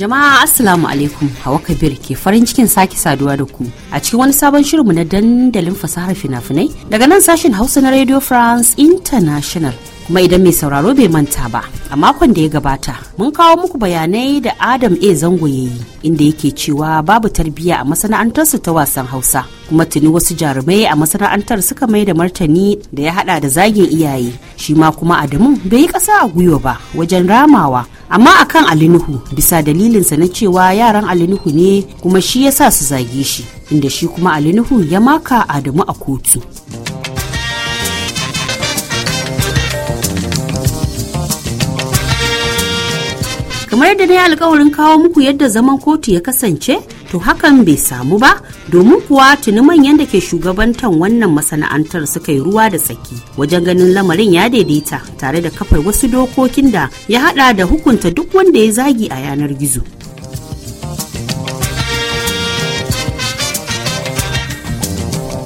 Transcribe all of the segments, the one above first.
Jama'a Assalamu alaikum Hawa Kabir ke farin cikin sake saduwa da ku a cikin wani sabon shirinmu na dandalin fasahar fina-finai daga nan sashen Hausa na Radio France International kuma idan mai sauraro bai manta ba a makon da ya gabata mun kawo muku bayanai da adam a zango ya yi inda yake cewa babu tarbiyya a masana'antarsu ta wasan hausa kuma tuni wasu jarumai a masana'antar suka mai da martani da ya hada da zagin iyaye shi ma kuma adamu bai yi kasa a gwiwa ba wajen ramawa amma akan alinuhu bisa dalilinsa na cewa yaran alinuhu ne kuma shi ya sa su zage shi inda shi kuma alinuhu ya maka adamu a kotu yadda yi alkawarin kawo muku yadda zaman kotu ya kasance to hakan bai samu ba domin kuwa tuni manyan da ke shugabantan wannan masana'antar suka yi ruwa da tsaki wajen ganin lamarin ya daidaita tare da kafar wasu dokokin da ya hada da hukunta duk wanda ya zagi a yanar gizo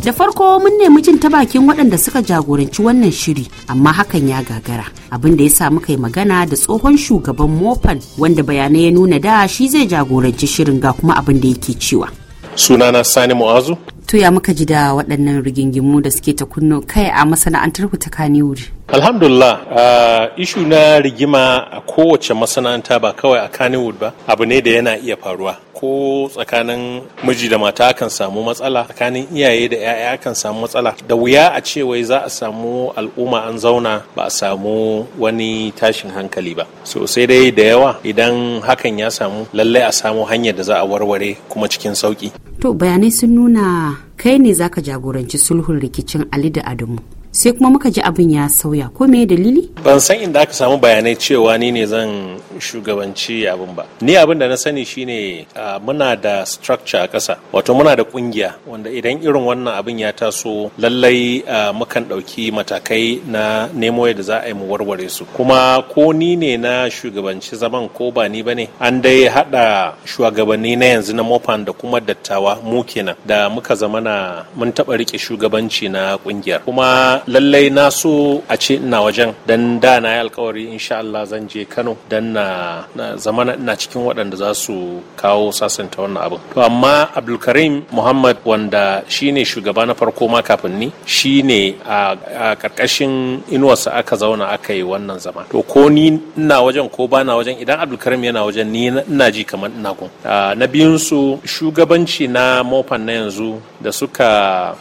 Da farko mun nemi jin ta bakin waɗanda suka jagoranci wannan shiri amma hakan ya gagara. Abin da ya sa muka yi magana da tsohon shugaban Mofan wanda bayanai ya nuna da shi zai jagoranci shirin ga kuma abin da yake cewa. Sunana Sani Mu'azu. to ya muka ji da waɗannan rigingimu da suke ta kunno kai a masana'antar ku ta kaniwood alhamdulillah uh, ishu na rigima a kowace masana'anta ba kawai a kaniwood ba abu ne da yana iya faruwa ko tsakanin miji da mata akan samu matsala tsakanin iyaye da 'ya'ya akan samu matsala da wuya a ce wai za a samu al'umma an zauna ba a samu wani tashin hankali ba sosai dai da yawa idan hakan ya samu lallai a samu hanyar da za a warware kuma cikin sauki to bayanai sun nuna kai ne zaka jagoranci sulhun rikicin ali da adamu sai kuma muka ji abin ya sauya ko me dalili ban san inda aka samu bayanai cewa ni ne zan shugabanci abin ba ni abin da na sani shine muna da structure a ƙasa wato muna da kungiya wanda idan irin wannan abin ya taso lallai mukan ɗauki matakai na nemo yadda za a yi mu warware su kuma ko ni ne na shugabanci zaman ko ba ni bane an dai hada shugabanni na yanzu na mofan da kuma dattawa mu kenan da muka zamana mun taɓa riƙe shugabanci na ƙungiyar. kuma lallai na so a ce ina wajen dan da na yi alkawari insha Allah zan je Kano dan na zama na cikin waɗanda za su kawo sasanta wannan abin to amma Abdulkarim Muhammad wanda shine shugaba na farko ma kafin ni shine a karkashin inuwarsa aka zauna aka yi wannan zama to ko ni ina wajen ko ba na wajen idan Abdulkarim yana wajen ni ina ji kamar ina gun na biyun su shugabanci na mofan na yanzu da suka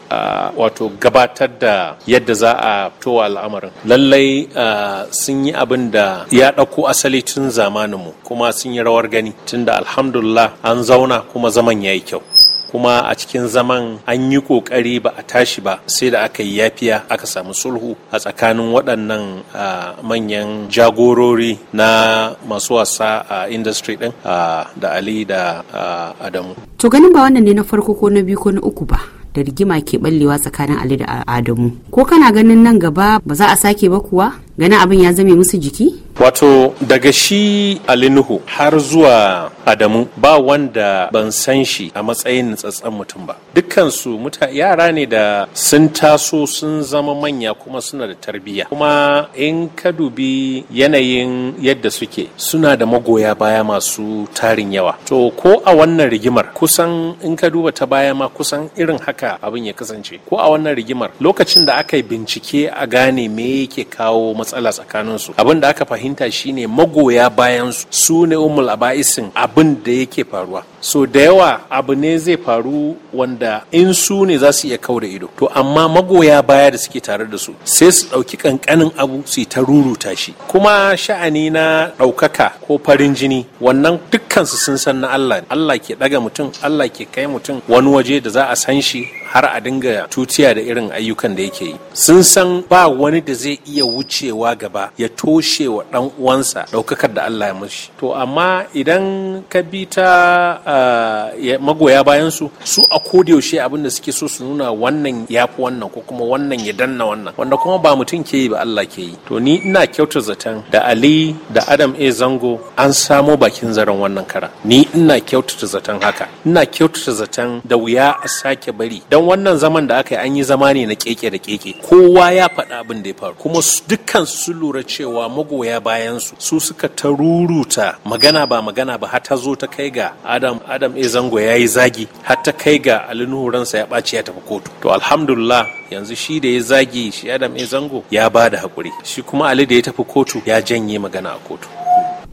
wato gabatar da yadda yadda za a towa al'amarin lallai sun yi abin da ya ɗauko asali tun zamaninmu kuma sun yi rawar gani tunda alhamdulillah an zauna kuma zaman ya yi kyau kuma a cikin zaman an yi kokari ba a tashi ba sai da aka yi yafiya aka samu sulhu a tsakanin waɗannan manyan jagorori na masu wasa a industry din da ali da adamu to ganin ba wannan ne na farko ko na biyu ko na uku ba da rigima ke ballewa tsakanin Ali da Adamu ko kana ganin nan gaba ba za a sake ba kuwa gani abin ya zame musu jiki? Wato daga shi Alinuhu har zuwa Adamu ba wanda ban san shi a matsayin tsatsan mutum ba. Dukkansu yara ne da sun taso sun zama manya kuma suna da tarbiyya. Kuma in ka dubi yanayin yadda suke suna da magoya baya masu tarin yawa. To ko a wannan rigimar kusan in ka duba ta baya ma kusan irin haka abin ya kasance. Ko a wannan rigimar lokacin da aka yi bincike a gane me yake kawo matsala tsakanin su abin da aka fahimta shine magoya bayan su su ne umul aba'isin abin da yake faruwa so da yawa abu ne zai faru wanda in su ne za su iya kau da ido to amma magoya baya da suke tare da su sai su ɗauki kankanin abu su yi ta ruruta shi kuma sha'ani na ɗaukaka ko farin jini wannan dukkansu sun san na Allah Allah ke ɗaga mutum Allah ke kai mutum wani waje da za a san shi har a dinga tutiya da irin ayyukan da yake yi sun san ba wani da zai iya wucewa gaba ya toshe wa dan uwansa daukakar da Allah ya mashi to amma idan ka bi ta magoya bayan su su a kodayaushe abin da suke so su nuna wannan yafi wannan ko kuma wannan ya danna wannan wanda kuma ba mutum ke yi ba Allah ke yi to ni ina kyauta zaton da Ali da Adam A Zango an samo bakin zaren wannan kara ni ina kyautata zaton haka ina kyautata zaton da wuya a sake bari dan sannan wannan zaman da aka yi an yi zama ne na keke da keke kowa ya faɗa abin da ya faru kuma dukkan su lura cewa magoya bayan su su suka taruruta magana ba magana ba har zo ta kai ga Adam Adam E Zango ya yi zagi har ta kai ga alinuransa ransa ya ɓaci ya tafi kotu to alhamdulillah yanzu shi da ya zagi shi Adam E Zango ya ba da hakuri shi kuma Ali da ya tafi kotu ya janye magana a kotu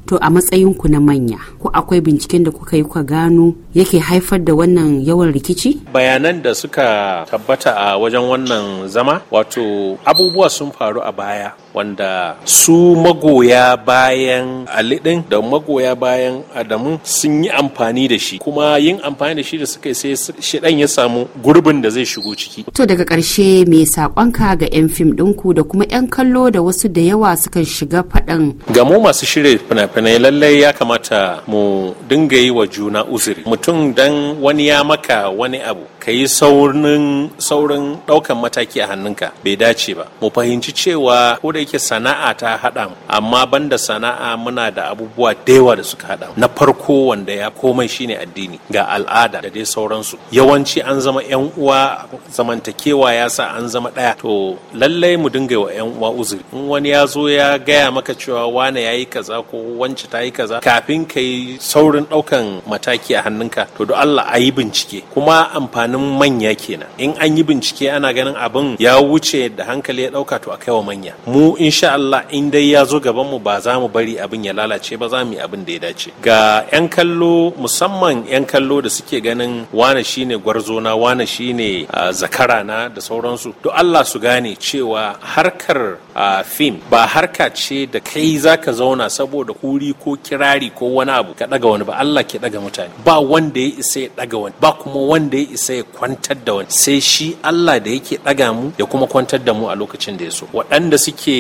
to a matsayin ku na manya ko akwai binciken da kuka yi kuka gano yake haifar da wannan yawan rikici bayanan da suka tabbata a wajen wannan zama wato abubuwa sun faru a baya wanda su magoya bayan alidin da magoya bayan adamu sun yi amfani da shi kuma yin amfani da shi da suka sai shidan ya samu gurbin da zai shigo ciki to daga karshe me sakonka ga yan fim ɗinku da kuma yan kallo da wasu da yawa sukan shiga faɗan ga mu masu shirya fina-finai lallai ya kamata mu dinga yi wa juna uzuri mutum dan wani ya maka wani abu ka yi saurin saurin ɗaukan mataki a hannunka bai dace ba mu fahimci cewa ko da yake sana'a ta haɗa mu amma banda sana'a muna da abubuwa da yawa da suka haɗa na farko wanda ya komai shine addini ga al'ada da dai sauransu yawanci an zama yan uwa zamantakewa ya sa an zama ɗaya to lallai mu dinga wa yan uwa uzuri in wani ya zo ya gaya maka cewa wane ya yi kaza ko wance ta yi kaza kafin ka yi saurin ɗaukan mataki a hannunka to don Allah a yi bincike kuma amfanin ganin manya kenan in an yi bincike ana ganin abin ya wuce da hankali ya ɗauka to a kai wa manya mu insha Allah in dai ya zo gaban mu ba za mu bari abin ya lalace ba za mu yi abin da ya dace ga yan kallo musamman yan kallo da suke ganin wane shine gwarzona wane shine zakara na da sauransu to Allah su gane cewa harkar fim ba harka ce da kai zaka zauna saboda kuri ko kirari ko wani abu ka daga wani ba Allah ke daga mutane ba wanda ya isa ya daga wani ba kuma wanda ya isa ya kwantar da wani sai shi Allah da yake ɗaga mu ya kuma kwantar da mu a lokacin da ya so waɗanda suke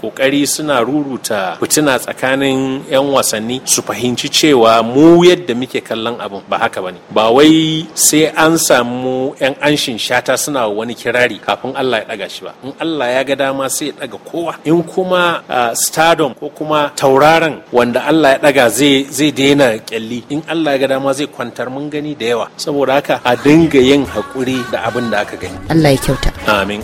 ƙoƙari suna ruruta fitina tsakanin 'yan wasanni su fahimci cewa mu yadda muke kallon abin ba haka bane ba wai sai an samu 'yan anshin shata suna wani kirari kafin Allah ya ɗaga shi ba in Allah ya ga dama sai ya ɗaga kowa in kuma stardom ko kuma tauraron wanda Allah ya ɗaga zai daina kyalli in Allah ya ga dama zai kwantar mun gani da yawa saboda haka a dinga dinga yin haƙuri da abin da aka gani Allah ya kyauta amin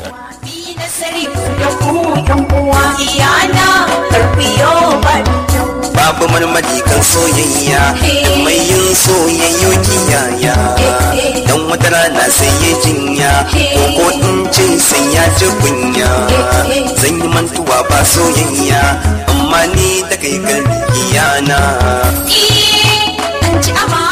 babu marmari kan soyayya mai yin soyayyo kiyaya don wata rana sai ya jinya ko in ce sai ya ji kunya zan yi mantuwa ba soyayya amma ni da kai kan iyana eh an ci amma.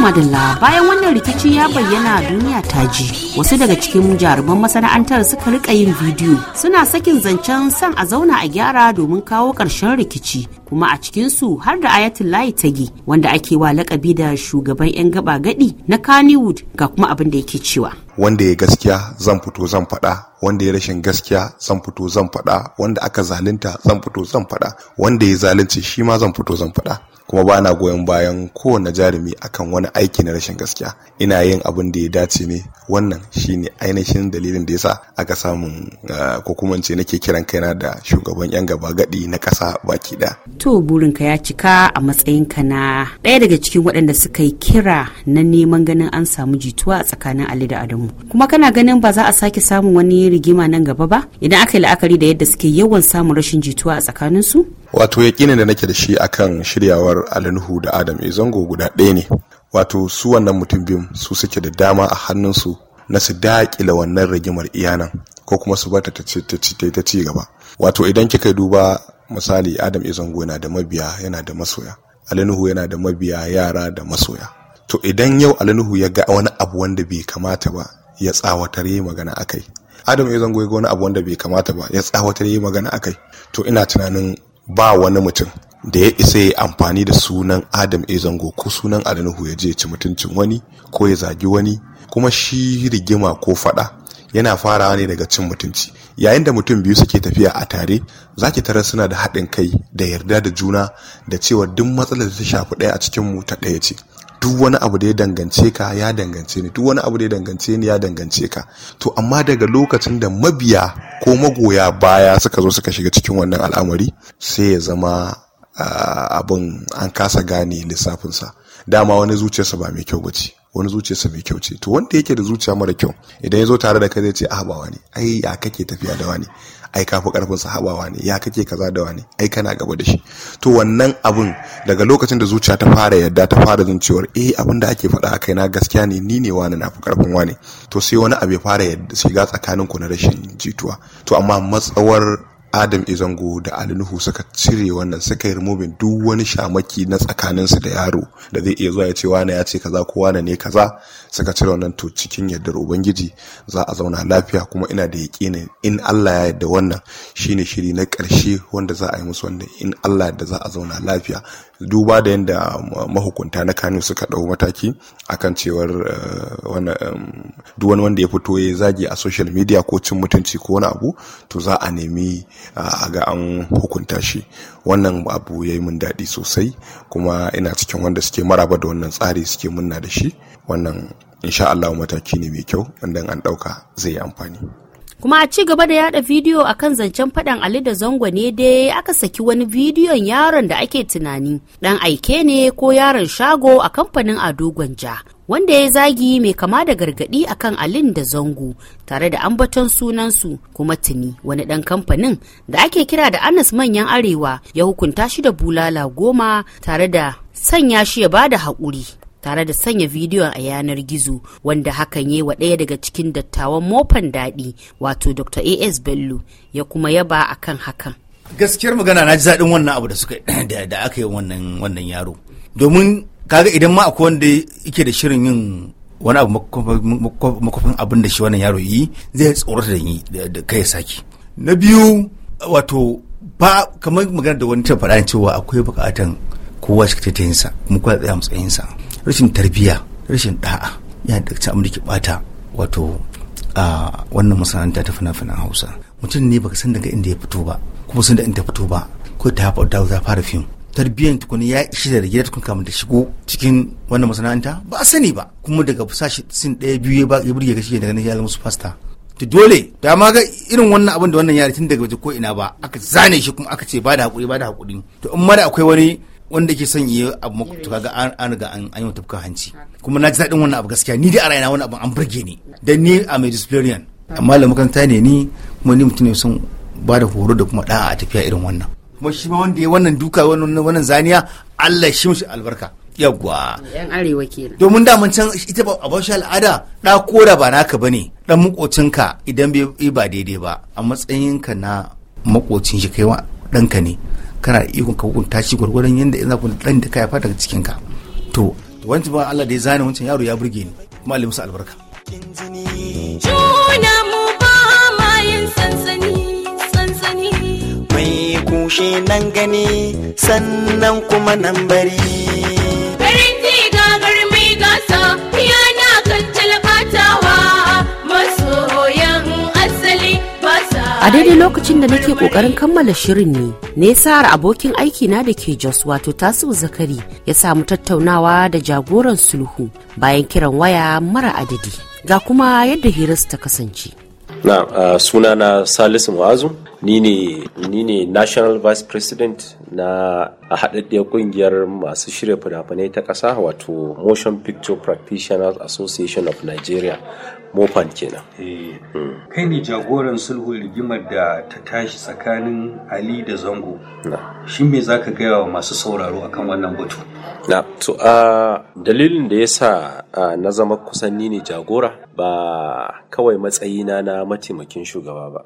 madalla bayan wannan rikici ya bayyana duniya ta ji wasu daga cikin jaruman masana'antar suka rika yin bidiyo suna sakin zancen san a zauna a gyara domin kawo ƙarshen rikici kuma a cikinsu har da ayatullahi tagi wanda ake wa lakabi da shugaban 'yan gaba gadi na kannywood ga kuma abin da yake cewa wanda ya gaskiya zan fito zan faɗa wanda ya rashin gaskiya zan fito zan faɗa wanda aka zalunta zan fito zan faɗa wanda ya zalunce shi ma zan fito zan faɗa kuma ba na goyon bayan kowane jarumi akan wani aiki na rashin gaskiya ina yin abin da ya dace ne wannan shine ainihin dalilin da yasa aka samun ah, ko kuma ce nake kiran kaina da shugaban yan gaba gadi na ƙasa baki ɗaya to burinka ya cika a matsayinka na ɗaya daga cikin waɗanda suka yi kira na neman ganin an samu jituwa a tsakanin Ali da Adamu kuma kana ganin ba za a sake samun wani rigima nan gaba ba idan aka yi la'akari da yadda suke yawan samun rashin jituwa a tsakanin su wato yaƙinin da nake da shi akan shiryawar Alinuhu da Adam zango guda ɗaya ne wato su wannan mutum biyun su suke da dama a hannunsu na su daƙila wannan rigimar iyanan ko kuma su bata ta ci gaba wato idan kika duba misali adam izango yana da mabiya yana da masoya alinuhu yana da mabiya yara da masoya to idan yau alinuhu ya ga wani abu wanda bai kamata ba ya tsawatar yi magana akai adam ya zango ga wani abu wanda bai kamata ba ya tsawatar yi magana akai to ina tunanin ba wani mutum da ya isa ya amfani da sunan adam ya zango ko sunan alinuhu ya je ya ci mutuncin wani ko ya zagi wani kuma shi rigima ko faɗa. yana farawa ne daga cin mutunci yayin da mutum biyu suke tafiya a tare za ki tarar suna da haɗin kai da yarda da juna da cewa duk matsalar da ta shafi ɗaya a cikin ta ɗaya ce duk wani abu da ya dangance ka ya dangance ni duk wani abu da ya dangance ni ya dangance ka to amma daga lokacin da mabiya ko magoya baya suka zo suka shiga cikin wannan al'amari sai ya zama ah, abin an kasa gane lissafinsa dama wani zuciyarsa ba mai kyau ba ce wani zuciyarsa mai kyau ce to wanda yake da zuciya mara kyau idan ya zo tare da kai zai ce a habawa ne ai ya kake tafiya da wani ai fi karfin sa habawa ne ya kake kaza da wani ai kana gaba da shi to wannan abun daga lokacin da zuciya ta fara yadda ta fara jin cewar eh abin da ake faɗa a kai na gaskiya ne ni ne wani na fi karfin wani to sai wani abu ya fara yadda shiga tsakanin ku na rashin jituwa to amma matsawar adam izango da alinuhu suka cire wannan suka yi rumobin duk wani shamaki na tsakaninsu da yaro da zai iya zuwa ya ce wane ya ce kaza ko wane ne kaza suka cire wannan to cikin yardar ubangiji za a zauna lafiya kuma ina da yaƙinin in allah ya yarda wannan shine shiri na karshe wanda za a yi musu wannan in allah da za a zauna lafiya duba da yadda mahukunta na kano suka ɗau mataki akan cewar eh, duwani wanda ya fito ya zagi a social media ko cin mutunci ko wani abu to za a nemi a ga an hukunta shi wannan abu ya yi min daɗi sosai kuma ina cikin wanda suke maraba da wannan tsari suke munna da shi wannan insha Allah mataki ne mai kyau wanda an ɗauka zai yi amfani. kuma a ci gaba da yada bidiyo akan zancen faɗan ali da zango ne dai aka saki wani bidiyon yaron da ake tunani ɗan aike ne ko yaron shago a kamfanin ado gwanja wanda ya zagi mai kama da gargadi akan alin da zango tare da ambaton sunansu kuma tuni wani ɗan kamfanin da ake kira da anas manyan arewa ya hukunta shi da bulala goma tare da sanya shi ya ba da haƙuri tare da sanya bidiyon a yanar gizo wanda hakan yi wa ɗaya daga cikin dattawan mofan daɗi wato dr as bello ya kuma yaba akan hakan gaskiyar magana na ji daɗin wannan abu da suka da aka yi wannan wannan yaro domin kaga idan ma akwai wanda yake da shirin yin wani abu makofin abin da shi wannan yaro yi zai tsorata da yi da kai saki na biyu wato ba kamar magana da wani ta faɗa cewa akwai bukatan kowa shi ta yinsa kuma kowa tsaya matsayinsa rashin tarbiyya rashin da'a ya da cikin amurki bata wato a wannan masana'anta ta fina-finan hausa mutum ne baka san daga inda ya fito ba kuma san da inda fito ba ko ta za fara fim tarbiyyan tukuni ya ishi da gida tukun kamar da shigo cikin wannan masana'anta ba a sani ba kuma daga sashi sin ɗaya biyu ya ba ya burge gashi daga nan ya zama su fasta to dole da ma ga irin wannan abin da wannan yari tun daga waje ko ina ba aka zane shi kuma aka ce ba da hakuri ba da hakuri to in mara akwai wani wanda ke son yi abu makwabta ga an riga an yi tafka hanci kuma na ji daɗin wannan abu gaskiya ni dai a rayuwa wani abu an burge ni dan ni a mai disciplinarian amma da makaranta ne ni kuma ni mutum ne son ba da horo da kuma da'a a tafiya irin wannan kuma shi ma wanda ya wannan duka wannan zaniya Allah shi mushi albarka yagwa yan arewa kenan domin daman can ita ba bashi al'ada da kora ba naka bane dan makocinka idan bai ba daidai ba a matsayinka na makocin shi kai danka ne kana da ikon ka hukunta shi gwargwadon yadda ina za dan da ka haifa daga cikin ka to wancan ba Allah da ya zane wancan yaro ya burge ni kuma Allah musu albarka juna mu ba sansani sansani mai kushi nan gani sannan kuma nan bari daidai lokacin da nake kokarin kammala shirin ne nesar abokin aiki na da ke jos wato tasiru zakari ya samu tattaunawa da jagoran sulhu bayan kiran waya mara adadi ga kuma yadda hirarsu ta kasance na suna na salisu mu'azu ni ne national vice president na haɗaɗɗiyar ƙungiyar masu shirya fina-finai ta ƙasa wato motion picture practitioners association of nigeria mofan kenan eh, hmm. kai ne jagoran sulhu rigimar da ta tashi tsakanin ali da zango Shin me za ka gaya wa masu sauraro akan wannan batu na to a dalilin da ya sa na zama kusan ne jagora ba kawai matsayina na mataimakin shugaba ba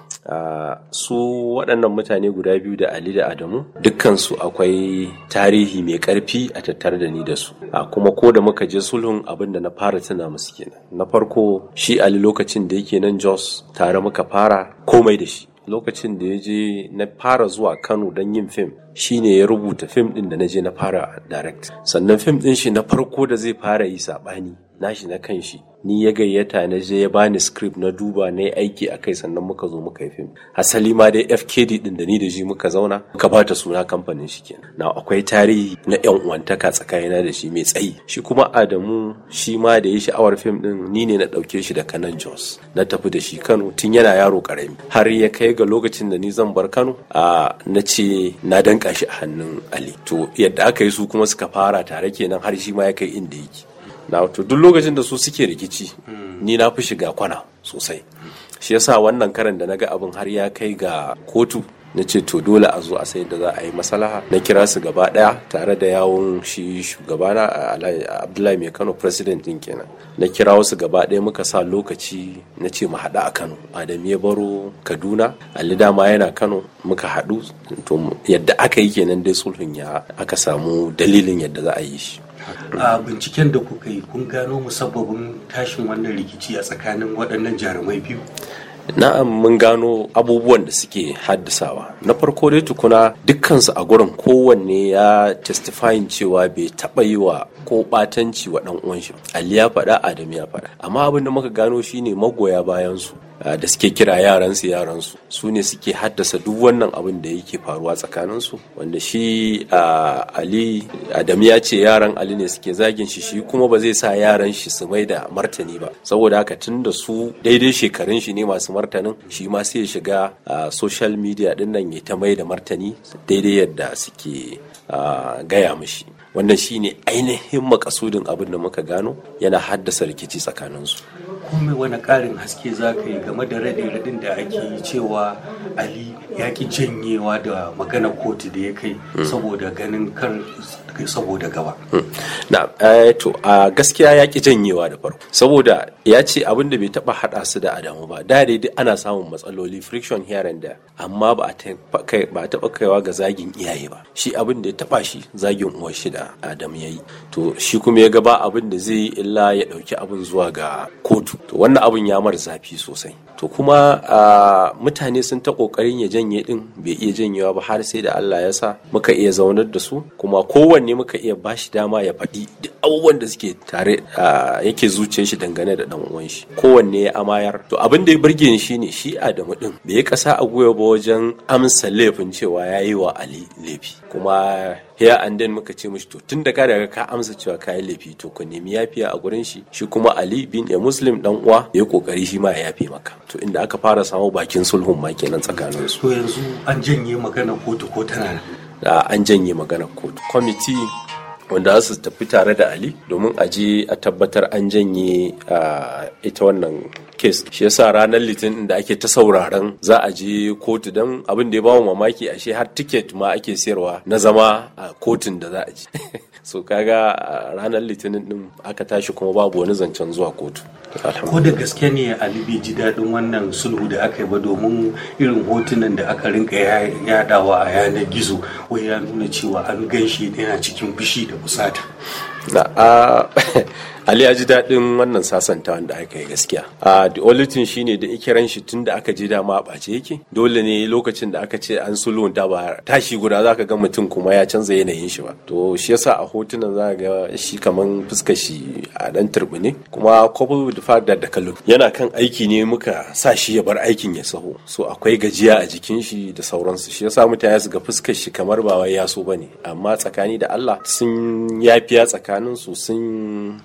su waɗannan mutane guda biyu da ali da adamu dukkansu akwai tarihi mai ƙarfi a tattare da ni da su kuma ko da muka je sulhun abin da na fara tuna musu kenan na farko shi ali lokacin da yake nan jos tare muka fara komai da shi lokacin da ya je na fara zuwa kano don yin fim Shi ne ya rubuta fim ɗin da na je na fara direct sannan fim ɗin shi na farko da zai fara yi sabani nashi na kan shi ni ya gayyata na je ya bani script na duba na yi aiki a kai sannan muka zo muka yi fim asali ma dai fkd ɗin da ni da shi muka zauna muka ta suna kamfanin shi kenan na akwai tarihi na yan uwantaka tsakanina da shi mai tsayi shi kuma adamu shi ma da ya sha'awar fim ɗin ni ne na ɗauke shi da kanan jos na tafi da shi kano tun yana yaro karami har ya kai ga lokacin da ni zan bar kano a na ce na dan danka shi a hannun ali to yadda aka yi su kuma suka fara tare kenan har shi ma ya kai inda yake na to duk lokacin da su suke rikici ni na fi shiga kwana sosai shi yasa wannan karan da na ga abin har ya kai ga kotu na ce to dole a zo a sayar da za a yi masalaha na kira su gaba daya tare da yawon shi shugabana abdullahi mai kano president din kenan na kira wasu gaba daya muka sa lokaci na ce mu haɗu a kano adam ya baro kaduna ali dama yana kano muka haɗu to yadda aka yi kenan dai sulhun ya aka samu dalilin yadda za a yi shi a binciken da kuka yi kun gano musabbabin tashin wannan rikici a tsakanin waɗannan jarumai biyu na'am mun gano abubuwan da suke haddasawa na farko dai tukuna dukkansu a gurin kowanne ya testifying cewa bai taɓa yi wa ko ɓatanci wa ɗan uwan ali ya faɗa adam ya faɗa amma abin da muka gano shine magoya bayan su Ah, da suke kira yaransu yaransu su ne suke haddasa duk wannan abin da yake faruwa tsakaninsu wanda shi ah, ali adam ya ce yaran ali ne suke zagin shi shi kuma ba zai sa yaran shi su mai da martani ba saboda haka tun da su daidai shekarun shi ne masu martanin shi ma sai ya shiga ah, social media din nan ya ta mai da martani daidai yadda suke gaya mishi wannan shine ainihin makasudin abin da muka gano yana haddasa rikici tsakaninsu kuma wani ƙarin haske za ka yi game da raɗe-raɗin da ake yi cewa ali ya ki janyewa da magana kotu da ya kai mm. saboda ganin kar saboda gaba mm. na eh, to a gaskiya ya ki janyewa da farko saboda ya ce abin da bai taba haɗa su da adamu ba da dai ana samun matsaloli friction here and there amma ba a taɓa kaiwa ga zagin iyaye ba shi abin da ya taba shi zagin uwar shida. da adam ya yi to shi kuma ya gaba abin da zai yi illa ya ɗauki abin zuwa ga kotu to wannan abin ya mara zafi sosai to kuma mutane sun ta kokarin ya janye din bai iya janyewa ba har sai da Allah ya sa muka iya zaunar da su kuma kowanne muka iya ba shi dama ya faɗi duk abubuwan da suke tare yake zuciyar shi dangane da dan uwan shi kowanne ya amayar to abin da ya burge ni shine shi Adamu din bai kasa a gwiwa ba wajen amsa laifin cewa yayi wa Ali laifi kuma ya and den muka ce mishi to tun da ka ka amsa cewa ka yi laifi to ku nemi yafiya a gurin shi shi kuma ali bin ya muslim dan uwa ya kokari shi ma ya yafe maka to inda aka fara samu bakin sulhun ma kenan tsakanin su yanzu an janye magana kotu ko tana da? an janye magana kotu kwamiti wanda su tafi tare da ali domin a je a tabbatar an janye ita wannan kes shi yasa ranar litinin da ake ta sauraren za a je kotu don abin da ya bawa mamaki ashe har tiket ma ake sayarwa na zama a kotun da za a je so kaga ranar litinin din aka tashi kuma babu wani zancen zuwa kotu ko da gaske ne ali bai ji daɗin wannan sulhu da aka yi ba domin irin hotunan da aka rinka yadawa a yanar gizo wai ya nuna cewa an ganshi yana cikin bishi da kusata na ali ya ji daɗin wannan sasantawan da aka yi gaskiya a diolitin shi ne shine da ikiran shi tun da aka ji dama a ɓace yake dole ne lokacin da aka ce an sulunta da ba tashi guda za ka ga mutum kuma ya canza yanayin shi ba to shi yasa a hotunan za ga shi kaman fuska shi a dan turbini kuma couple da da kallo yana kan aiki ne muka sa shi ya bar aikin ya saho so akwai gajiya a jikin shi da sauransu shi yasa mutane su ga fuskar shi kamar ba wai yaso bane amma tsakani da Allah sun yafiya tsakanin su sun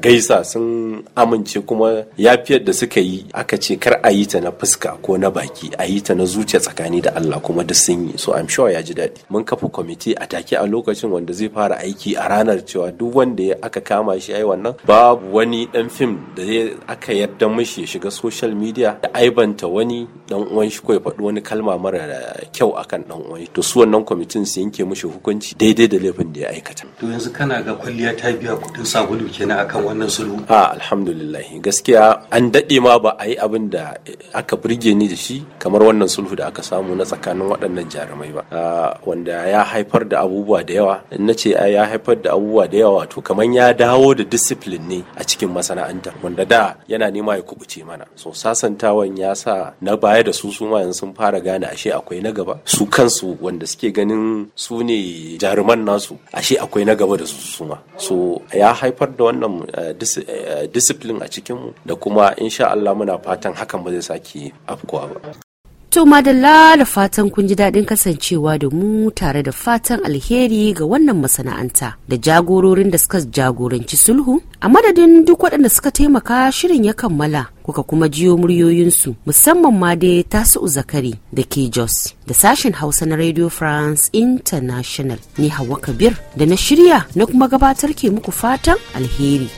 gaisa sun amince kuma yafiyar da suka yi aka ce kar a yi ta na fuska ko na baki a yi ta na zuciya tsakani da Allah kuma da sun yi so I'm sure ya ji daɗi mun kafa kwamiti a take a lokacin wanda zai fara aiki a ranar cewa duk wanda aka kama shi ai wannan babu wani dan fim da aka yadda mishi ya shiga social media da aibanta wani dan uwan shi ko ya faɗi wani kalma mara kyau akan dan uwan to su wannan kwamitin su yanke mishi hukunci daidai da laifin da ya aikata to yanzu kana ga kwalliya ta biya kudin sabulu kenan akan wannan sulhu a alhamdulillah gaskiya an daɗe ma ba a yi abin da aka burge ni da shi kamar wannan sulhu da aka samu na tsakanin waɗannan jarumai ba wanda ya haifar da abubuwa da yawa na ce ya haifar da abubuwa da yawa wato kamar ya dawo da discipline ne a cikin masana'antar wanda da yana nema ya kubuce mana so sasantawan ya sa na baya da su su ma yanzu sun fara gane ashe akwai na gaba su kansu wanda suke ganin su ne jaruman nasu ashe akwai na gaba da su su ma so ya haifar da wannan eh, eh, discipline a cikinmu da kuma insha Allah muna fatan hakan ba zai sake afkuwa ba To madalla da fatan kun ji daɗin kasancewa da mu tare da fatan alheri ga wannan masana'anta da jagororin da suka jagoranci sulhu a madadin duk waɗanda suka taimaka shirin ya kammala kuka kuma jiyo muryoyinsu musamman ma dai tasu uzakari da ke Jos da sashen Hausa na Radio France International ni Hawa Kabir da na shirya na kuma gabatar ke muku fatan alheri.